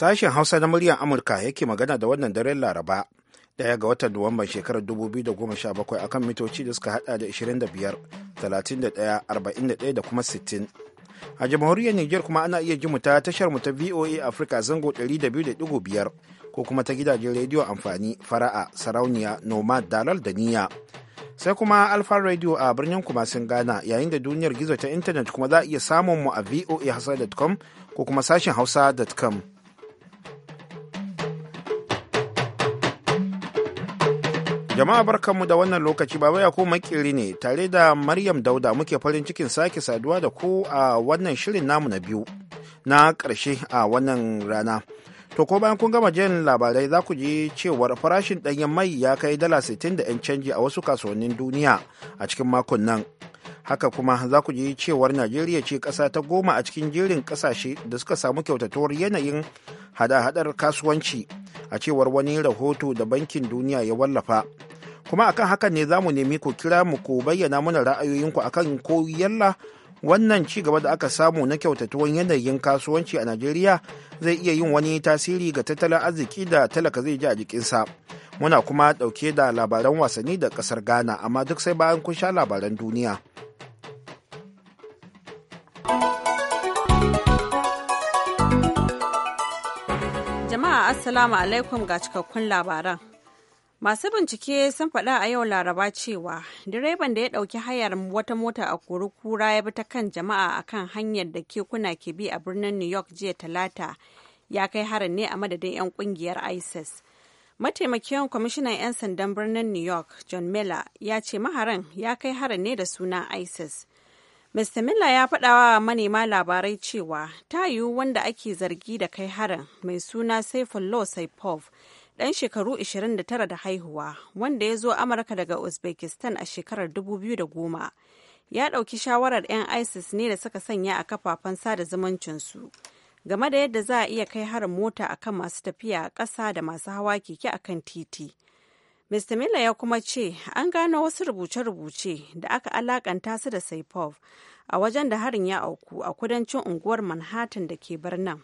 Sashen Hausa na muryar Amurka yake magana da wannan daren Laraba, ɗaya ga watan Nuwamban shekarar 2017 akan mitoci da suka hada da 25, 31, 41 da kuma 60. A jamhuriyar niger kuma ana iya mu ta tashar mu ta VOA Africa zango 200.5 ko kuma ta gidajen rediyo amfani fara'a sarauniya nomad dalal da niyya. Sai kuma Alfa Radio a birnin Kumasin gana yayin da duniyar gizo ta intanet kuma za a iya samun mu a voa voahausa.com ko kuma sashen hausa.com. Jama'a mu da wannan lokaci baba ya ko makiri ne tare da Maryam Dauda muke farin cikin sake saduwa da ku a wannan shirin namu na biyu na ƙarshe a wannan rana. To ko bayan kun gama jin labarai za ku ji cewar farashin ɗanyen mai ya kai dala 60 da 'yan canji a wasu kasuwannin duniya a cikin makon nan. Haka kuma za ku ji cewar Najeriya ce ƙasa ta goma a cikin jerin ƙasashe da suka samu kyautatuwar yanayin hada-hadar kasuwanci a cewar wani rahoto da bankin duniya ya wallafa kuma akan hakan ne za mu nemi ku kira mu ku bayyana mana ra'ayoyinku akan ko yalla wannan ci gaba da aka samu na kyautatuwan yanayin kasuwanci a najeriya zai iya yin wani tasiri ga tattalin arziki da talaka zai ji a jikinsa muna kuma ɗauke da labaran wasanni da ƙasar ghana amma duk sai bayan kun sha labaran duniya Jama'a Assalamu alaikum ga cikakkun labaran. Masu bincike sun faɗa a yau Laraba cewa direban da ya ɗauki hayar wata mota a kurukura ya bi ta kan jama'a a kan hanyar da kekuna ke bi a birnin New York jiya Talata ya kai harin ne a madadin 'yan ƙungiyar ISIS. Mataimakin kwamishinan 'yan sandan birnin New York, John Miller, ya ce maharan ya kai harin ne da sunan ISIS. Mr. Miller ya faɗa wa manema labarai cewa ta yiwu wanda ake zargi da kai harin mai suna Saifullah Saipov ɗan shekaru 29 da haihuwa wanda ya zo Amurka daga Uzbekistan a shekarar 2010 ya ɗauki shawarar 'yan ISIS ne da suka sanya a kafafen sada zumuncinsu game da yadda za a iya kai harin mota akan masu tafiya ƙasa da masu hawa keke a kan titi. Mr. Miller ya kuma ce an gano wasu rubuce-rubuce da aka alakanta su da Saipov a wajen da harin ya auku a kudancin unguwar Manhattan da ke birnin.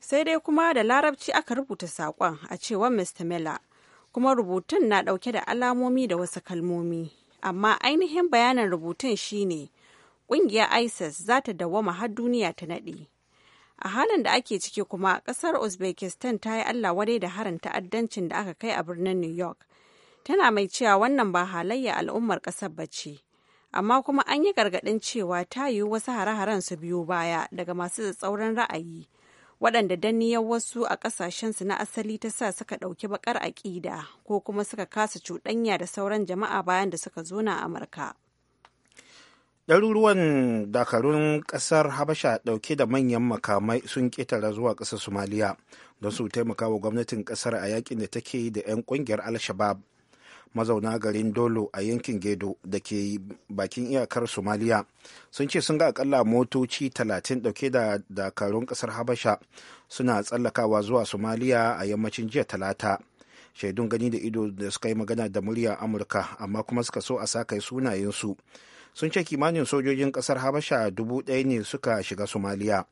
Sai dai kuma da larabci aka rubuta saƙon a cewar Mr. Miller, kuma rubutun na ɗauke da alamomi da wasu kalmomi. Amma ainihin bayanin rubutun shine ƙungiyar ISIS za ta dawwama har duniya ta naɗe. a halin da ake ciki kuma ƙasar uzbekistan ta yi allah wadai da harin ta'addancin da aka kai a birnin new york tana mai cewa wannan ba halayya al'ummar ƙasar ba ce amma kuma an yi gargaɗin cewa ta yiwu wasu hare-haren su biyo baya daga masu tsauran ra'ayi waɗanda danniyar wasu a ƙasashensu na asali ta sa suka ɗauki baƙar aƙida ko kuma suka kasa cuɗanya da sauran jama'a bayan da suka zo na amurka ɗaruruwan dakarun ƙasar habasha ɗauke da manyan makamai sun ƙetara zuwa ƙasar somaliya don su taimaka wa gwamnatin ƙasar a yakin da take da 'yan ƙungiyar al-shabab mazauna garin dolo a yankin gedo da ke bakin iyakar somaliya sun ce sun ga akalla motoci 30 dauke da dakarun kasar habasha suna tsallakawa zuwa somaliya a yammacin jiya talata shaidun gani da ido da suka yi magana da murya amurka amma kuma suka so a sa sunayensu sun ce kimanin sojojin kasar habasha dubu ɗaya ne suka shiga somaliya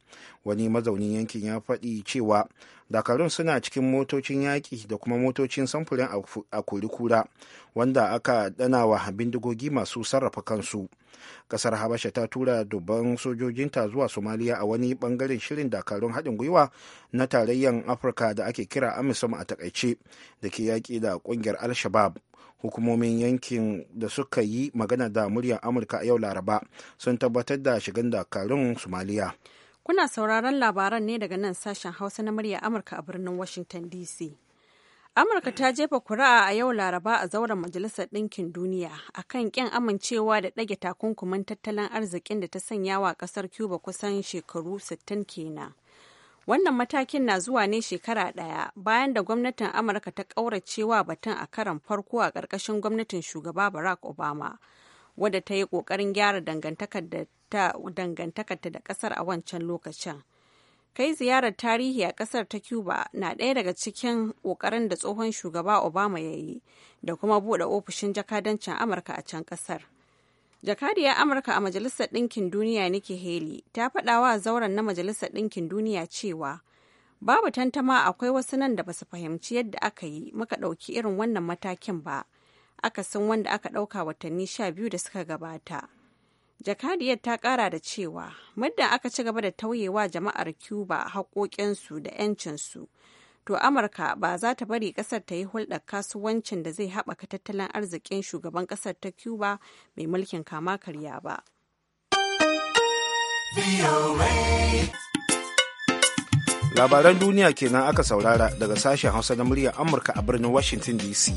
wani mazaunin yankin ya faɗi cewa dakarun suna cikin motocin yaƙi da kuma motocin samfurin a kurikura wanda aka wa bindigogi masu sarrafa kansu kasar habasha ta tura dubban sojojinta zuwa somaliya a wani bangaren shirin dakarun haɗin gwiwa na tarayyar afirka da ake kira amisom a takaice da ke yaƙi da ƙungiyar al-shabab hukumomin yankin da suka yi magana da muryar amurka a yau laraba sun tabbatar da shigan dakarun somaliya kuna sauraron labaran ne daga nan sashen hausa na muryar amurka a birnin washington dc amurka ta jefa kuri'a a yau laraba a zauren majalisar ɗinkin duniya akan ƙin amincewa da ɗage takunkumin tattalin arzikin da ta sanya wa ƙasar cuba kusan shekaru 60 kenan Wannan matakin na zuwa ne shekara ɗaya bayan da gwamnatin Amurka ta ƙauracewa batun a karon farko a ƙarƙashin gwamnatin shugaba Barack Obama, wadda ta yi ƙoƙarin gyara dangantakarta da ƙasar a wancan lokacin. Kai ziyarar tarihi a ƙasar ta Cuba na ɗaya daga cikin ƙoƙarin da tsohon shugaba Obama ya yi da kuma buɗe ofishin jakadancin Amurka a can ƙasar. jakadiyar amurka a majalisar ɗinkin duniya nake haley ta faɗa wa zauren na majalisar ɗinkin duniya cewa babu tantama akwai wasu nan da basu fahimci yadda aka yi muka ɗauki irin wannan matakin ba akasin wanda aka ɗauka watanni sha biyu da suka gabata jakadiyar ta ƙara da cewa muddin aka ci gaba da tauyewa jama'ar cuba haƙoƙinsu da 'yancinsu to amurka ba za ta bari kasar ta yi hulɗar kasuwancin da zai haɓaka tattalin arzikin shugaban kasar ta cuba mai mulkin kama karya ba labaran duniya kenan aka saurara daga sashen hausa na muryar amurka a birnin washington dc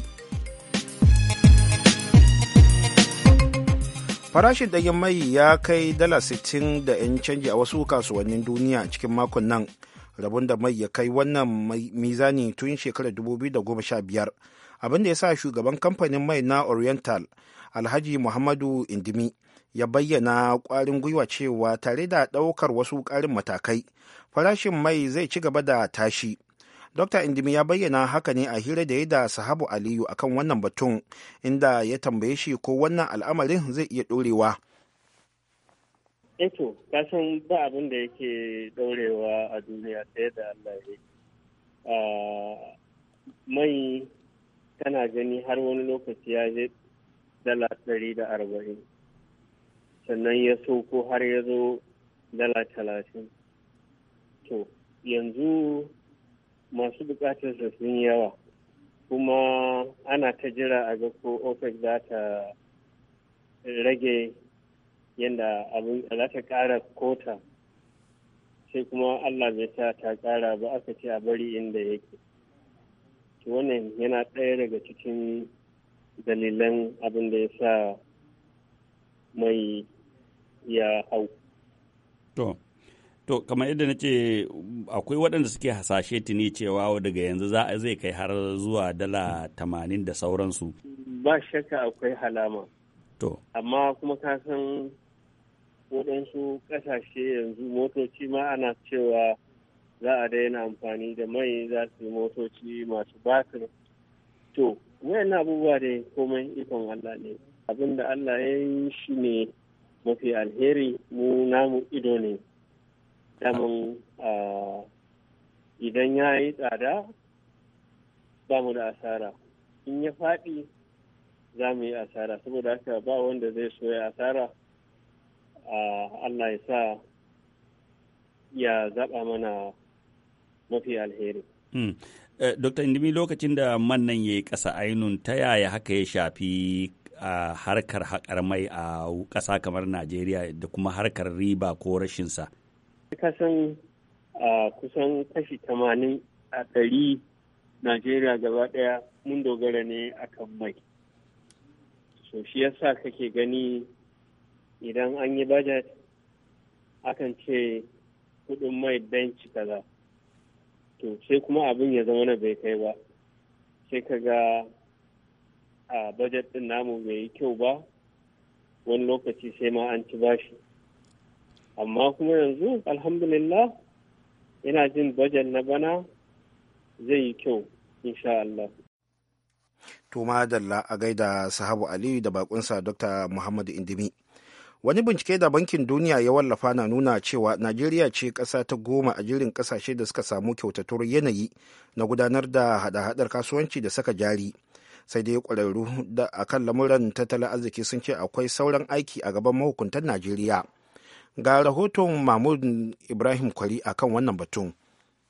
farashin ɗanyen mai ya kai dala 60 da 'yan canji a wasu kasuwannin duniya cikin makon nan rabon da mai ya kai wannan mizani tun shekarar 2015 abin da ya sa shugaban kamfanin mai na oriental alhaji muhammadu indimi ya bayyana kwarin gwiwa cewa tare da daukar wasu karin matakai farashin mai zai ci gaba da tashi dr indimi ya bayyana haka ne a hira da ya da sahabu aliyu akan wannan batun inda ya tambaye shi ko wannan al'amarin zai iya dorewa. eto eh kasan ba abin da yake daurewa a duniya sai da allah ya ah, mai tana gani har wani lokaci ya je dala ɗari da arba'in sannan ya ko har ya zo dala talatin to yanzu masu bukatar sun yawa kuma ana ta jira a ga ko opec za ta rage yadda abin za ta ƙara kota sai kuma allah bai sa ta kara ba aka ce a bari inda yake to wannan yana ɗaya daga cikin dalilan abin da ya sa mai ya hau to To, kamar yadda na ce akwai waɗanda suke hasashe tuni cewa daga yanzu za a zai kai har zuwa dala tamanin da sauransu. Ba shakka akwai halama. Amma kuma ka san waɗansu ƙasashe yanzu motoci ma ana cewa za a daina amfani da mai za su yi motoci masu batir to wayan abubuwa da komai ikon allah ne abin da allah ya yi shi ne mafi alheri mu namu ido ne damun idan ya yi tsada ba mu da asara in ya faɗi za mu yi asara saboda haka ba wanda zai soya asara Allah ya sa ya zaɓa mana mafi alheri. Hmm. Eh, Dokta Indimi lokacin da mannan nan ya yi ƙasa ainun ta yaya haka ya shafi harkar haƙar mai a ƙasa kamar Najeriya da kuma harkar riba ko rashinsa? Kasan kusan kashi tamanin a ɗari Najeriya gaba ɗaya mun dogara ne akan mai. So shi yasa kake gani idan an yi budget akan ce kudin mai benci kaza to sai kuma abin ya zama na bai kai ba sai ka ga a budget din namu bai yi kyau ba wani lokaci sai ma an ci bashi amma kuma yanzu alhamdulillah ina jin budget na bana zai yi kyau insha Allah. To madalla a gaida sahabu Aliyu da bakunsa Dr. Muhammadu Indimi. wani bincike da bankin duniya ya wallafa na nuna cewa najeriya ce ƙasa ta goma a jirin ƙasashe da suka samu kyautatuwar yanayi na gudanar da hada-hadar kasuwanci da saka jari sai dai ƙwararru da akan lamuran tattalin arziki sun ce akwai sauran aiki a gaban mahukuntan najeriya ga rahoton mahmud ibrahim kwari akan wannan batun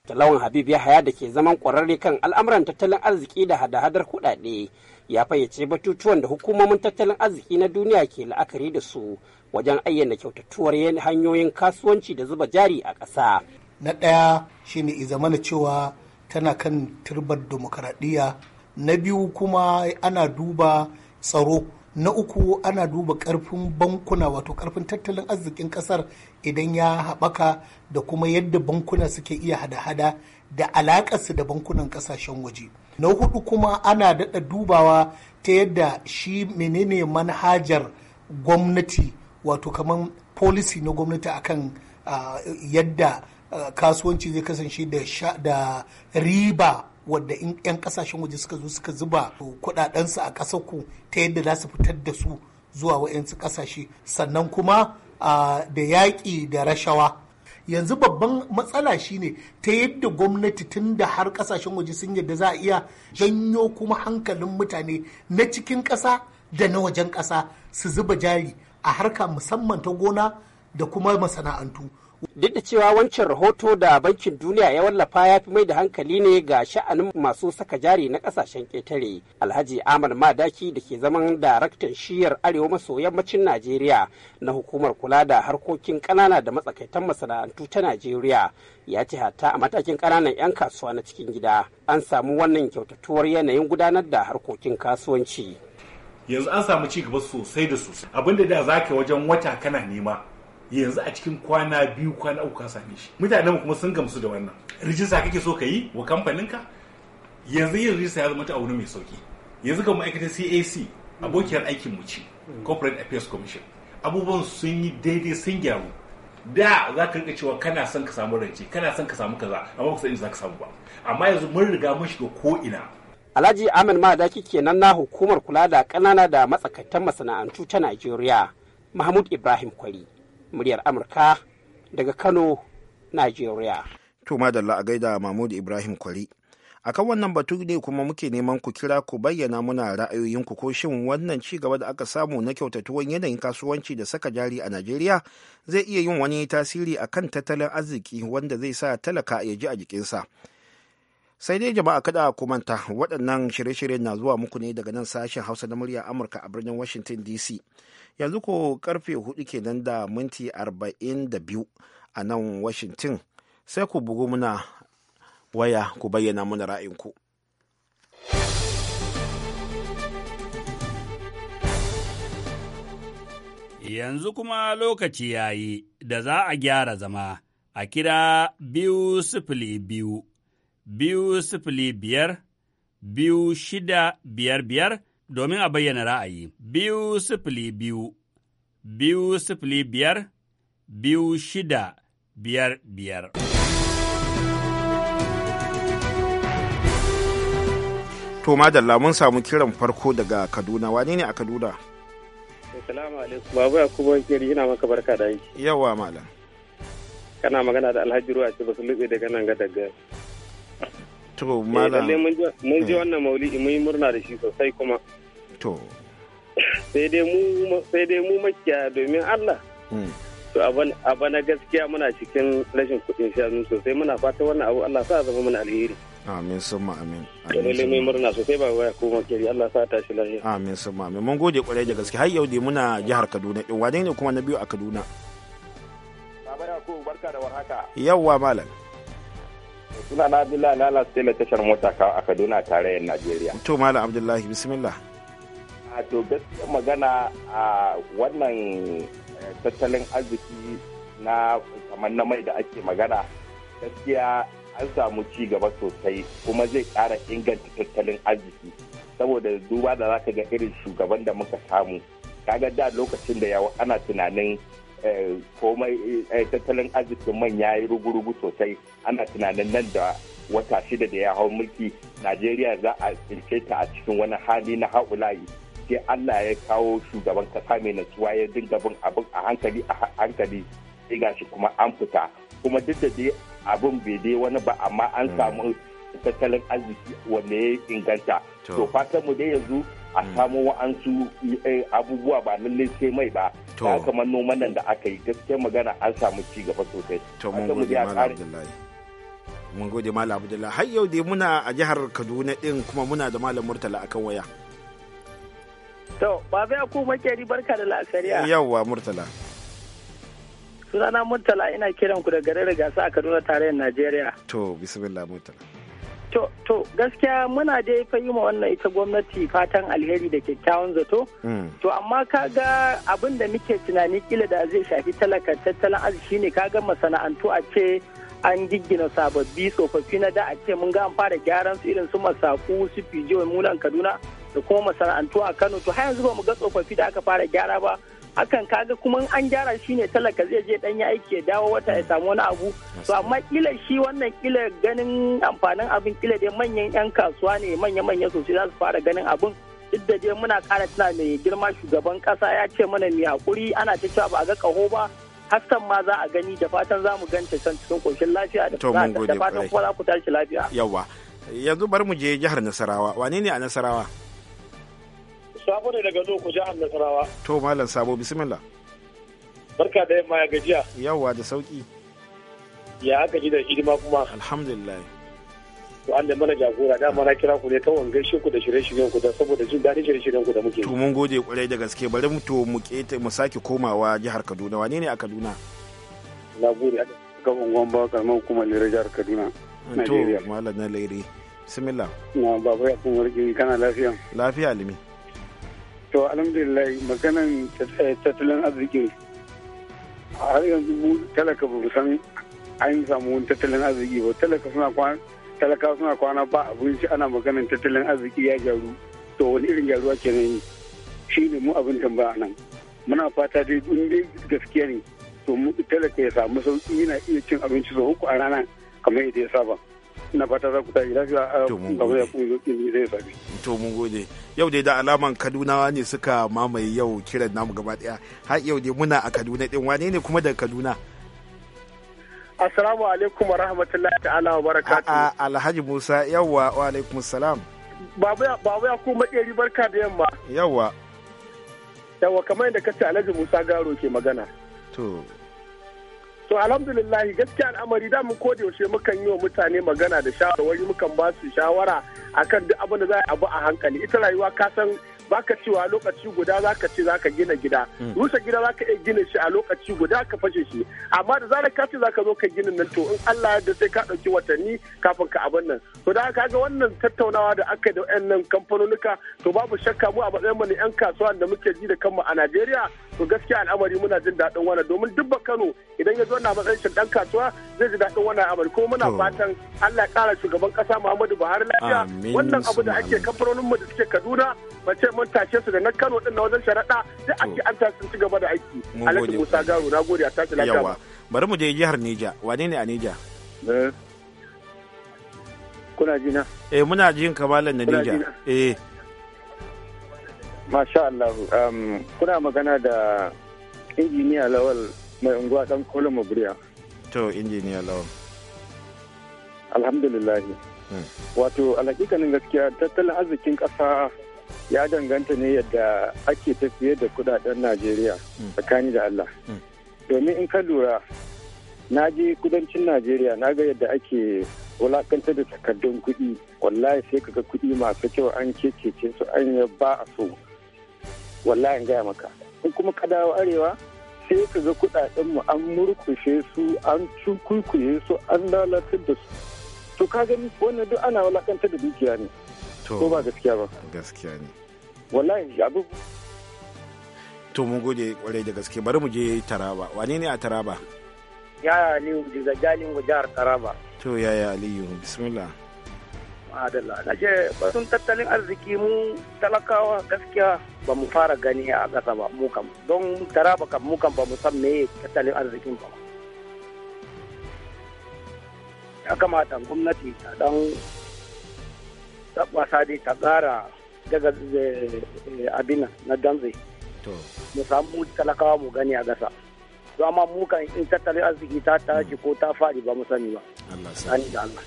talawan habib ya haya da ke zaman ƙwararre kan al'amuran tattalin arziki da hada-hadar kuɗaɗe ya fayyace batutuwan da hukumomin tattalin arziki na duniya ke la'akari da su wajen ayyana kyautattuwar hanyoyin kasuwanci da zuba jari a ƙasa. Na ɗaya shine izamana cewa tana kan turbar demokaradiyya na biyu kuma ana duba tsaro na uku ana duba ƙarfin bankuna wato ƙarfin tattalin arzikin ƙasar idan ya haɓaka da kuma yadda bankuna suke iya hada-hada da alaƙarsu da bankunan ƙasashen waje. na hudu kuma ana daɗa dubawa ta yadda shi menene manhajar gwamnati wato kamar policy na gwamnati akan uh, yadda kasuwanci zai kasance da riba wadda 'yan kasashen waje suka zo suka zuba kudadensu a ƙasar ku ta yadda za su fitar da su zuwa wa'yansu ƙasashe sannan kuma da yaƙi da rashawa yanzu babban matsala shine ta yadda gwamnati tun da har kasashen waje sun yadda za a iya janyo kuma hankalin mutane na cikin ƙasa da na wajen ƙasa su zuba jari a harka musamman ta gona da kuma masana'antu Duk da cewa wancan rahoto da Bankin Duniya ya wallafa ya fi mai da hankali ne ga sha'anin masu saka jari na kasashen ƙetare. Alhaji Ahmad Madaki da ke zaman daraktan shiyar Arewa maso yammacin Najeriya na hukumar kula da harkokin ƙanana da matsakaitan masana'antu ta Najeriya ya ce hata a matakin ƙananan 'yan kasuwa na cikin gida an samu wannan kyautatuwar yanayin gudanar da harkokin kasuwanci. Yanzu an samu ci gaba sosai da sosai abinda da za ka wajen wata kana nema yanzu a cikin kwana biyu kwana uku ka same shi mutanen kuma sun gamsu da wannan rijista kake so ka yi wa kamfaninka yanzu yin rijista ya zama ta wani mai sauki yanzu ga ma'aikatar cac abokiyar aikin mu ce corporate affairs commission abubuwan sun yi daidai sun gyaru da za ka rika cewa kana son ka samu rance kana son ka samu kaza amma ba ka san za ka samu ba amma yanzu mun riga mun shiga ko ina Alhaji Ahmed Madaki kenan na hukumar kula da ƙanana da matsakaitan masana'antu ta Najeriya Mahmud Ibrahim Kwari muryar amurka daga kano najeriya to madalla a gaida mahmud ibrahim kwari akan wannan batu ne kuma muke neman ku kira ku bayyana muna ra'ayoyinku ko shin wannan ci gaba da aka samu na kyautatuwan yanayin kasuwanci da saka jari a najeriya zai iya yin wani tasiri akan tattalin arziki wanda zai sa talaka ya ji a jikinsa. sai dai jama'a kada ku manta waɗannan shirye shiryen na zuwa muku ne daga nan sashen hausa na murya amurka a birnin washington dc yanzu ko karfe hudu kenan da minti arba'in da biyu a nan washington sai ku bugu muna waya ku bayyana muna ra'ayinku yanzu kuma lokaci yayi da za a gyara zama a kira biyu sifili biyu biyu sifili biyar biyu shida biyar biyar domin a bayyana ra'ayi biyu sifili biyu biyu sifili biyar biyu shida biyar biyar. To madalla mun samu kiran farko daga Kaduna wane ne a Kaduna? Assalamu alaikum babu ya kuma kiri ina maka barka da yi. Yawa malam. Kana magana da Alhaji Ruwa ce ba su lube daga nan ga daga. to eh, mala lalle mun ji hmm. wannan maulidi mun yi murna da shi sosai kuma to sai dai mu sai dai mu makiya domin Allah hmm. to a bana gaskiya muna cikin rashin kuɗin shanu sosai muna fata wannan abu Allah sa zama mana alheri amin summa amin dole mai murna sosai ba waya kuma kiri Allah sa tashi lafiya amin summa amin mun gode kwarai da gaske har yau dai muna jihar Kaduna din wane ne kuma na biyu a Kaduna Baba Yakubu barka da warhaka yawwa malam suna na abdullah Lala tashar mota a Kaduna tarayyar Najeriya. To Malam Abdullahi bismillah. A to gaskiya magana a wannan eh, tattalin arziki na kamar na mai da ake magana gaskiya an samu ci gaba sosai kuma zai kara inganta tattalin arziki saboda duba da za zaka ga irin shugaban da muka samu kaga da lokacin da yawa ana tunanin Eh, komai eh, tattalin arzikin man ya yi rugu-rugu sosai ana tunanin nan da wata shida da ya hau mulki najeriya za a tsince ta a cikin wani hali na haulayi sai allah ya kawo shugaban kasa mai natsuwa ya dinga bin abin a hankali a hankali sai gashi kuma an fita kuma duk da dai abin bai dai wani ba amma an hmm. samu tattalin arziki wanda ya inganta to fatan mu dai yanzu a hmm. samu wa'ansu eh, abubuwa ba lallai sai mai ba da aka noman nan da aka yi gaskiyar magana an samu ci gaba sosai to mun gode mala abdullahi mun gode mala abdullahi har yau dai muna a jihar kaduna din kuma muna da malam murtala akan waya to ba zai ku ri barka da la'asariya yawwa murtala sunana murtala ina kiran ku da garin rigasa a kaduna tarayyar najeriya to bismillah murtala To gaskiya muna dai fa yi ma wannan ita gwamnati fatan alheri da kyakkyawan zato. Mm. To amma kaga abin da muke tunani kila da zai shafi talaka tattalin arziki ne kaga masana'antu a ce an giggina sababbi tsofaffi na da a ce mun ga an fara gyaran su irin su masaku su fijiyo munan kaduna da kuma masana'antu a kano to har yanzu ba mu ga tsofaffi da aka fara gyara ba hakan kaga kuma an gyara shi ne talaka zai je dan ya aiki ya dawo wata ya samu wani abu to amma kila shi wannan kila ganin amfanin abin kila dai manyan yan kasuwa ne manya-manya sosai za su fara ganin abin duk da dai muna kara tana mai girma shugaban kasa ya ce mana mai hakuri ana ta cewa ba a ga kaho ba hassan ma za a gani da fatan za mu ganta can cikin koshin lafiya da fatan kuma za ku tashi lafiya yawa yanzu bari mu je jihar nasarawa wane ne a nasarawa Sabo ne daga Nuku jihar Nasarawa. To Malam Sabo bismillah. Barka da yamma ya gajiya. Yawwa da sauki. Ya aka ji da hidima kuma. Alhamdulillah. To da mana jagora dama na kira ku ne ta wangan shi ku da shirye-shiryen ku da saboda jin daɗin shirye-shiryen ku da muke. To mun gode kwarai da gaske bari mu to mu kete mu sake komawa jihar Kaduna wane ne a Kaduna? Na gode a kan unguwan ba karamar kuma Lere jihar Kaduna. To Malam na Lairi. Bismillah. Na babu ya kuma kana lafiya. Lafiya limi. to alhamdulillah maganan tattalin arzikin har yanzu mu talaka ba san an samu tattalin arziki ba talaka suna kwana talaka suna kwana ba abinci ana maganan tattalin arziki ya gyaru to wani irin gyaruwa nan shi ne mu abin tambaya nan muna fata dai in dai gaskiya ne to mu talaka ya samu sauki yana iya cin abinci sau uku a rana kamar yadda ya saba na fata za ku tashi lafiya to mun gode to mun gode yau dai da alaman Kaduna ne suka mamaye yau kiran namu gaba daya har yau dai muna a Kaduna din wane ne kuma da Kaduna Assalamu alaikum wa rahmatullahi ta'ala wa barakatuhu Alhaji Musa yawwa wa alaikum salam babu ya ku makeri barka da yamma yawwa yawwa kamar yadda kace Alhaji Musa Garo ke magana to To alhamdulillah gaskiya al'amari da mu ko da yaushe mukan yi wa mutane magana da shawarwari mukan ba su shawara akan duk abin da za a bu a hankali ita rayuwa ka san baka cewa lokaci guda ka ce ka gina gida hmm. rusa gida ka iya gina shi a lokaci guda ka fashe shi amma da zarar ka ce za ka zo ka gina nan to in Allah da sai ka ɗauki watanni kafin ka abin nan to da ka ga wannan tattaunawa da aka da wayannan kamfanonuka to babu shakka mu a matsayin mu ne yan kasuwa da muke ji da kanmu a Najeriya to gaskiya al'amari muna jin dadin wannan domin duk Kano idan ya zo na matsayin shi dan kasuwa zai ji daɗin wannan al'amari kuma muna fatan Allah ya kara shugaban kasa Muhammadu Buhari lafiya wannan abu da ake kamfanonin mu da suke Kaduna mace mun tashe su da na Kano din na wajen sharaɗa duk ake an ta sun ci gaba da aiki. Alhaji Musa Garo na gode a tashi lafiya. Yawa bari mu je jihar Neja wane ne a Neja? Eh. Kuna ji na? Eh muna jin kamalan na Neja. Eh. Masha Allah um, kuna magana da injiniya Lawal mai unguwa dan Kolo Maburiya. To injiniya Lawal. Alhamdulillah. Hmm. wato alhakikanin gaskiya tattalin arzikin ƙasa ya danganta ne yadda ake tafiye da kudaden najeriya hmm. tsakani da allah hmm. domin in ka lura na je kudancin najeriya na ga yadda ake wulakanta da takardun kuɗi wallahi sai kaga kuɗi masu kyau an kekece su an yi ba a so wallahi gaya maka in kuma ka dawo arewa sai ka ga kuɗaɗen mu an murkushe su an cukurkuye su an lalatar da su to ka gani wannan duk ana wulakantar da dukiya ne ko ba gaskiya ba gaskiya ne wallahi abu to mun gode kwarai da gaske bari mu je taraba wane ne a taraba yaya aliyu daga jalin jihar taraba to yaya aliyu bismillah adalla na ce batun tattalin arziki mu talakawa gaskiya ba mu fara gani a ƙasa ba mu kam don taraba kam mu kam ba mu san meye tattalin arzikin ba ya kamata gwamnati ta dan wasa dai ta tsara daga eh, abinan na danzai mu samu talakawa mu gani a gasa to amma mu kan in tattalin arziki ta tashi mm. ko ta fadi ba mu sani ba sani da Allah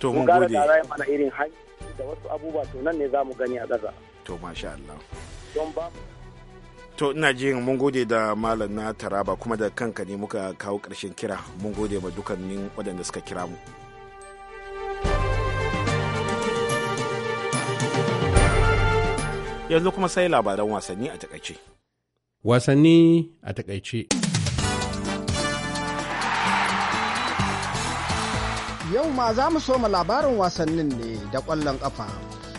to mun gode gara mana irin hanyar da wasu abubuwa to nan ne za mu gani a gasa to masha Allah don ba to ina ji mun gode da malam na taraba kuma da kanka ne muka kawo ƙarshen kira mun gode ma dukkanin waɗanda suka kira mu yanzu kuma sai labaran wasanni a takaice. Wasanni a takaice. Yau ma za mu soma labarin wasannin ne da ƙwallon ƙafa.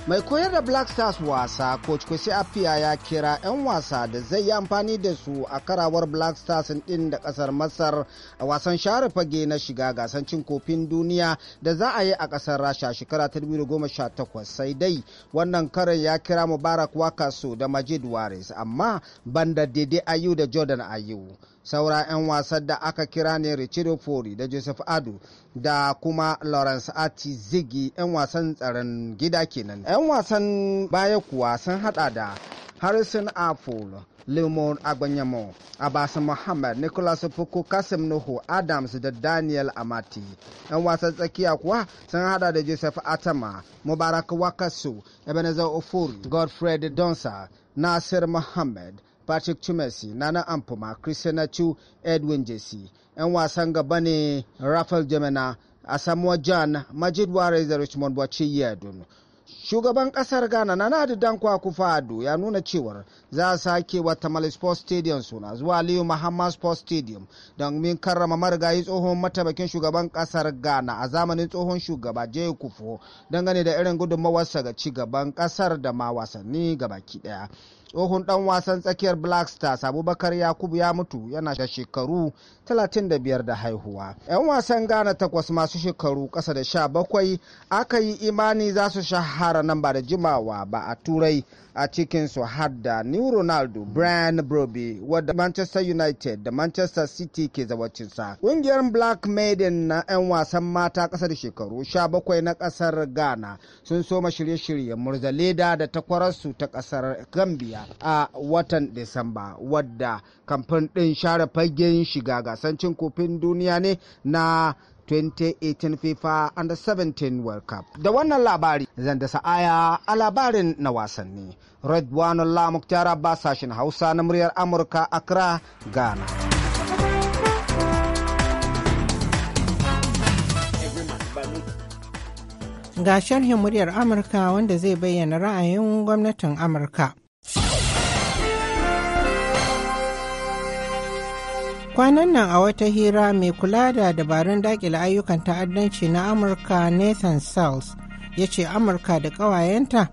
mai koyar da black stars wasa coach kwesi apia ya kira 'yan wasa da zai yi amfani da su a karawar black stars din da kasar masar a wasan share fage na shiga gasan cin kofin duniya da za a yi a kasar rasha shekara ta 2018 sai dai wannan karin ya kira mubarak wakasu da majid waris amma banda daidai ayu da jordan ayu saura 'yan wasan da aka kira ne Richard Fori da Joseph Adu da kuma Lawrence Ati Zigi 'yan wasan tsaron gida kenan. 'Yan wasan baya kuwa sun hada da Harrison Apple, Lemon Agbanyamo, Abbas Muhammad, Nicholas Fuku, Kasim Nuhu, Adams da Daniel Amati. 'Yan wasan tsakiya kuwa sun hada da Joseph Atama, Mubarak Wakasu, Ebenezer Ofori, Godfred Donsa, Nasir Muhammad, patrick chumesi nana amfuma christina chu edwin jesse yan wasan gaba ne rafael jemena asamuwa john majid warai da richmond bwaci yadun shugaban kasar ghana na nadi dankwa kufadu ya nuna cewar za a sake wa tamale sports stadium suna zuwa aliyu muhammad sports stadium don min karrama marigayi tsohon matabakin shugaban kasar ghana a zamanin tsohon shugaba jay kufo dangane da irin gudunmawarsa ga ci gaban kasar da ma wasanni gabaki daya tsohon dan wasan tsakiyar black stars abubakar yakubu ya mutu yana da shekaru 35 da haihuwa yan wasan ghana takwas masu shekaru kasa da 17 aka yi imani za su shahara nan ba da jimawa ba a turai a cikinsu har da new ronaldo brian broby wadda manchester united da manchester city ke zawacinsa ƙungiyar black maiden na 'yan wasan mata ƙasar shekaru 17 na ƙasar ghana sun soma shirye-shirye murzaleda da takwararsu ta ƙasar gambia a watan disamba wadda kamfan ɗin share fagen shiga gasancin kofin duniya ne na 2018 FIFA Under 17 World Cup. Da wannan labari zan da sa'aya a labarin na wasanni. Redwanullah Muktar Abbas sashen Hausa na muryar Amurka Accra, Ghana. Ga sharhin muryar Amurka wanda zai bayyana ra'ayin gwamnatin Amurka. kwanan nan a wata hira mai kula da dabarun daƙile ayyukan ta'addanci na amurka nathan sells ya ce amurka da ƙawayenta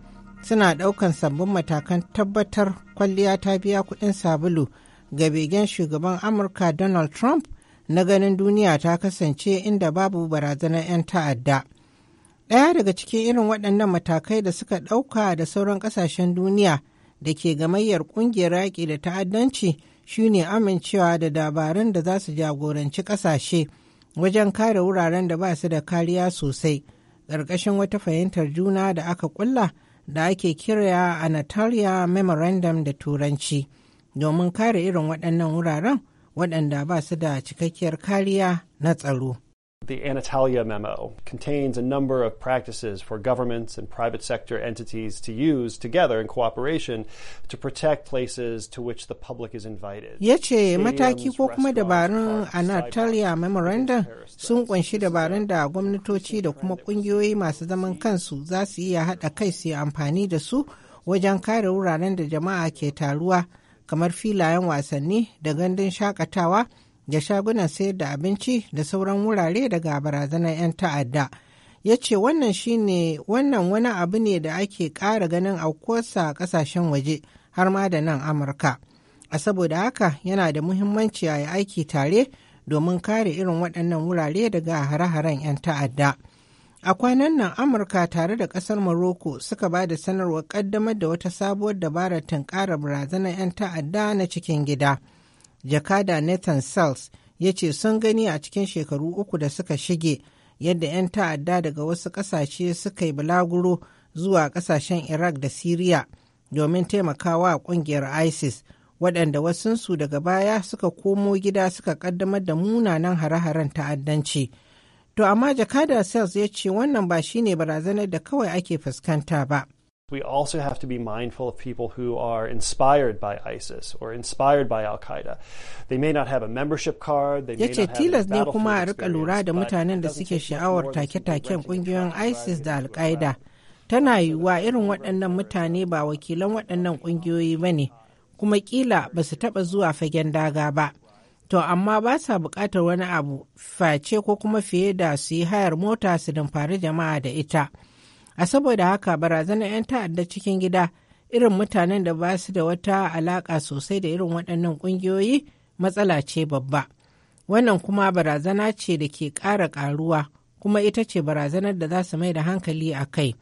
suna ɗaukan sabbin matakan tabbatar kwalliya ta biya kuɗin sabulu ga begen shugaban amurka donald trump na ganin duniya ta kasance inda babu barazanar 'yan ta'adda ɗaya daga cikin irin waɗannan matakai da suka ɗauka da sauran ƙasashen duniya da ke gamayyar ƙungiyar yaƙi da ta'addanci shine amincewa da dabarun da za su jagoranci ƙasashe wajen kare wuraren da ba su da kariya sosai ƙarƙashin wata fahimtar juna da aka ƙulla da ake kira Anatolia Memorandum da Turanci domin kare irin waɗannan wuraren waɗanda ba su da cikakkiyar kariya na tsaro. The Anatolia Memo contains a number of practices for governments and private sector entities to use together in cooperation to protect places to which the public is invited. Ya ce mataki ko kuma dabarun Anatolia Memorandum sun kunshi dabarun da gwamnatoci da kuma kungiyoyi masu zaman kansu za su iya haɗa kai su yi amfani da su wajen kare wuraren da jama'a ke taruwa kamar filayen wasanni da gandun shakatawa. da shagunan sayar da abinci da sauran wurare daga barazanar 'yan ta'adda ya ce wannan shine wannan wani abu ne da ake ƙara ganin aukuwarsa a ƙasashen waje har ma da nan amurka a saboda haka yana da muhimmanci a yi aiki tare domin kare irin waɗannan wurare daga hare-haren 'yan ta'adda a kwanan nan amurka tare da ƙasar morocco suka ba da sanarwar ƙaddamar da wata sabuwar dabarar tunkarar barazanar 'yan ta'adda na cikin gida. jakada Nathan Sells ya ce sun gani a cikin shekaru uku da suka shige yadda 'yan ta'adda daga wasu ƙasashe suka yi bulaguro zuwa ƙasashen Iraq da Siriya domin taimakawa a ƙungiyar ISIS waɗanda wasunsu daga baya suka komo gida suka ƙaddamar da munanan hare-haren ta'addanci. To amma jakada Sells ya ce wannan ba shine barazanar da kawai ake fuskanta ba. we also have to be mindful of people who are inspired by ISIS or inspired by Al Qaeda. They may not have a membership card. They Yace tilas ne kuma a rika lura da mutanen da suke sha'awar take-taken kungiyoyin ISIS da Al Qaeda. Tana yiwuwa irin waɗannan mutane ba wakilan waɗannan ƙungiyoyi ba ne, kuma kila ba su taɓa zuwa fagen daga ba. To amma ba sa buƙatar wani abu face ko kuma fiye da su yi hayar mota su dumfari jama'a da ita. a saboda haka barazanar 'yan ta'adda cikin gida irin mutanen da ba su da wata alaƙa sosai da irin waɗannan ƙungiyoyi matsala ce babba wannan kuma barazana ce da ke ƙara ƙaruwa kuma ita ce barazanar da za su mai da hankali a kai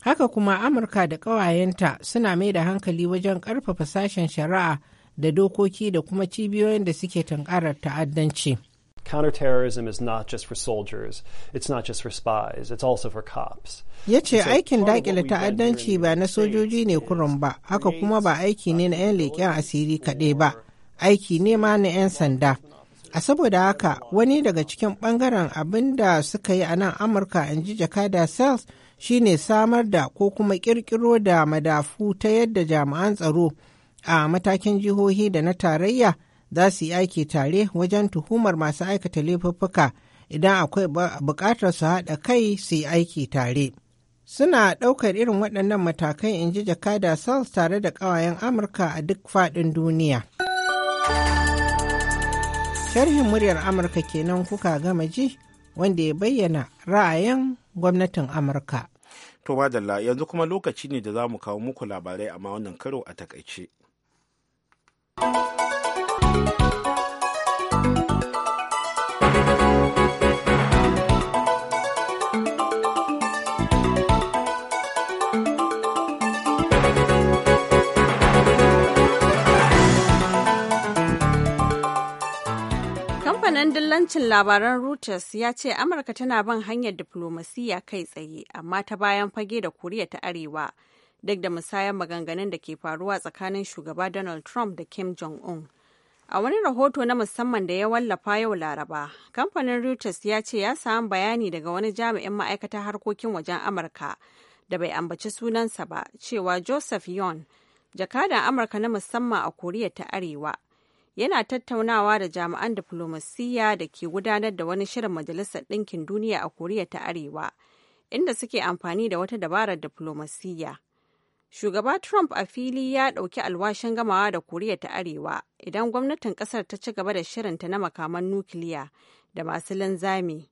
haka kuma amurka da ƙawayenta suna mai da hankali wajen ƙarfafa sashen shari'a da dokoki da kuma cibiyoyin da suke tunkarar ta'addanci. counterterrorism is not just for soldiers, it's not just for spies, it's also for cops. Ya ce aikin dakile ta'addanci ba na sojoji ne kurum ba, haka kuma ba aiki ne na 'yan leƙen asiri kaɗai ba, aiki ne ma na 'yan sanda. A saboda haka wani daga cikin ɓangaren abin da suka yi a nan Amurka in ji jakada sales shine samar da ko kuma ƙirƙiro da madafu ta yadda jami'an tsaro a matakin jihohi da na tarayya. za su yi aiki tare wajen tuhumar masu aikata laifuffuka idan akwai bukatar su haɗa kai su yi aiki tare. Suna ɗaukar irin waɗannan matakai in ji jakada Sals tare da ƙawayen Amurka a duk faɗin duniya. Sharhin muryar Amurka kenan kuka gama ji wanda ya bayyana ra'ayin gwamnatin Amurka. To madalla yanzu kuma lokaci ne da za mu kawo muku labarai amma wannan karo a takaice. Kamfanin dillancin labaran Reuters ya ce Amurka tana bin hanyar diflomasiyya kai tsaye, amma ta bayan fage da Koriya ta Arewa, duk da musayar maganganun da ke faruwa tsakanin shugaba Donald Trump da Kim Jong-un. A wani rahoto na musamman da ya wallafa yau Laraba, kamfanin Reuters ya ce ya samu bayani daga wani jami'in ma'aikatar harkokin wajen Amurka da bai ambaci sunansa ba, cewa Joseph Yon, jakadan Amurka na musamman a Koriya ta Arewa, yana tattaunawa da jami'an diflomasiyya da ke gudanar da wani shirin majalisar ɗinkin duniya a koriya ta arewa inda suke amfani da wata dabarar diflomasiyya shugaba trump a fili ya ɗauki alwashin gamawa da koriya ta arewa idan gwamnatin ƙasar ta ci gaba da shirinta na makaman nukiliya da masu linzami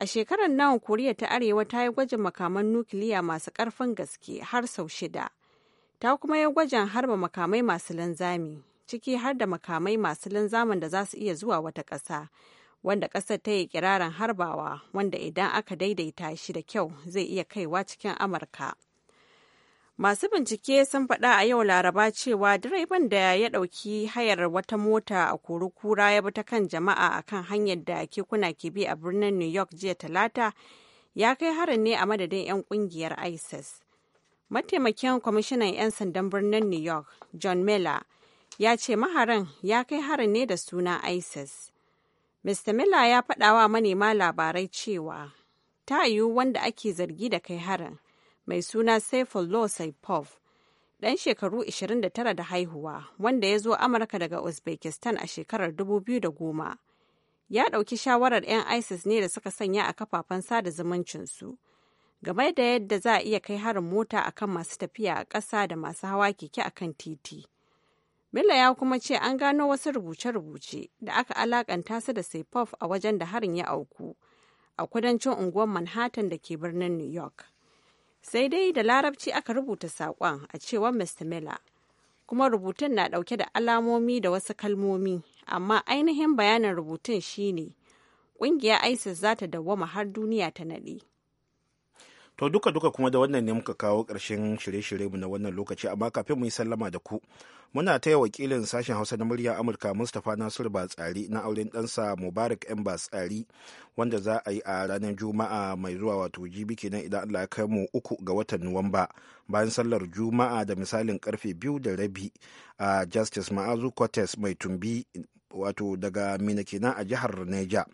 a shekarar nan koriya ta arewa ta yi gwajin makaman nukiliya masu ƙarfin gaske har sau shida ta kuma yi gwajin harba makamai masu linzami ciki har da makamai masu linzamin da za su iya zuwa wata ƙasa wanda ƙasar ta yi kirarin harbawa wanda idan aka daidaita shi da kyau zai iya kaiwa cikin amurka masu bincike sun faɗa a yau laraba cewa direban da ya ɗauki hayar wata mota a kurukura ya bi ta kan jama'a a kan hanyar da kekuna ke bi a birnin new york jiya talata ya kai harin ne a madadin 'yan ƙungiyar isis mataimakin kwamishinan 'yan sandan birnin new york john miller ya ce maharan ya kai harin ne da suna isis mr miller ya faɗawa manema labarai cewa ta yiwu wanda ake zargi da kai harin mai suna saifullah saipov ɗan shekaru 29 da haihuwa wanda ya zo amurka daga uzbekistan a shekarar 2010 ya ɗauki shawarar 'yan isis ne da suka sanya a kafafen sada zumuncinsu game da yadda za a iya kai harin mota akan masu tafiya a ƙasa da masu hawa keke a kan titi Miller ya kuma ce an gano wasu rubuce-rubuce da aka alakanta su da Saipov a wajen da harin ya auku a kudancin unguwar Manhattan da ke birnin New York. Sai dai da larabci aka rubuta saƙon a cewar Mr. Miller, kuma rubutun na ɗauke da alamomi da wasu kalmomi, amma ainihin bayanin rubutun shine ƙungiyar ISIS za ta dawwama har duniya ta naɗe. To duka duka kuma da wannan ne muka kawo ƙarshen shirye-shirye mu na wannan lokaci amma kafin mu yi sallama da ku muna taya wakilin sashen Hausa na murya Amurka Mustapha Nasiru tsari na auren ɗansa Mubarak M Batsari wanda za a yi a ranar Juma'a mai zuwa wato jibi kenan idan Allah ya kai mu uku ga watan Nuwamba bayan sallar Juma'a da misalin karfe biyu da rabi a Justice Ma'azu Cortes mai tumbi wato daga Mina kenan a jihar Neja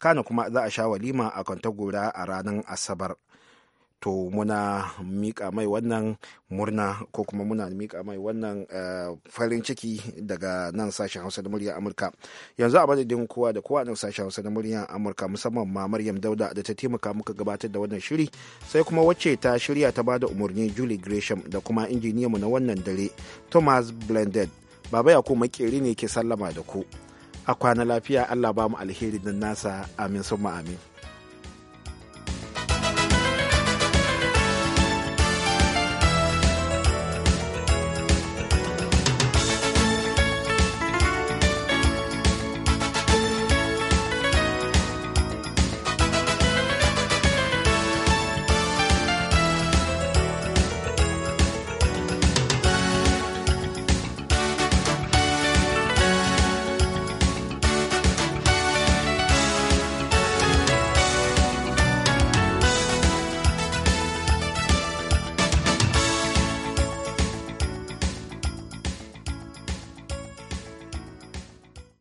kana kuma za a sha walima a Kwantagora a ranar Asabar. to muna mika mai wannan murna ko kuma muna mika mai wannan eh, farin ciki daga nan sashen hausa da muryar amurka yanzu a madadin kowa da kowa nan sashen hausa da muryar amurka musamman ma maryam dauda da ta taimaka muka gabatar da wannan shiri sai kuma wacce ta shirya ta bada umarni julie gresham da kuma injiniyanmu na wannan dare thomas blended baba yakubu makeri ne ke sallama da ku a kwana lafiya allah ba mu alheri nasa amin summa amin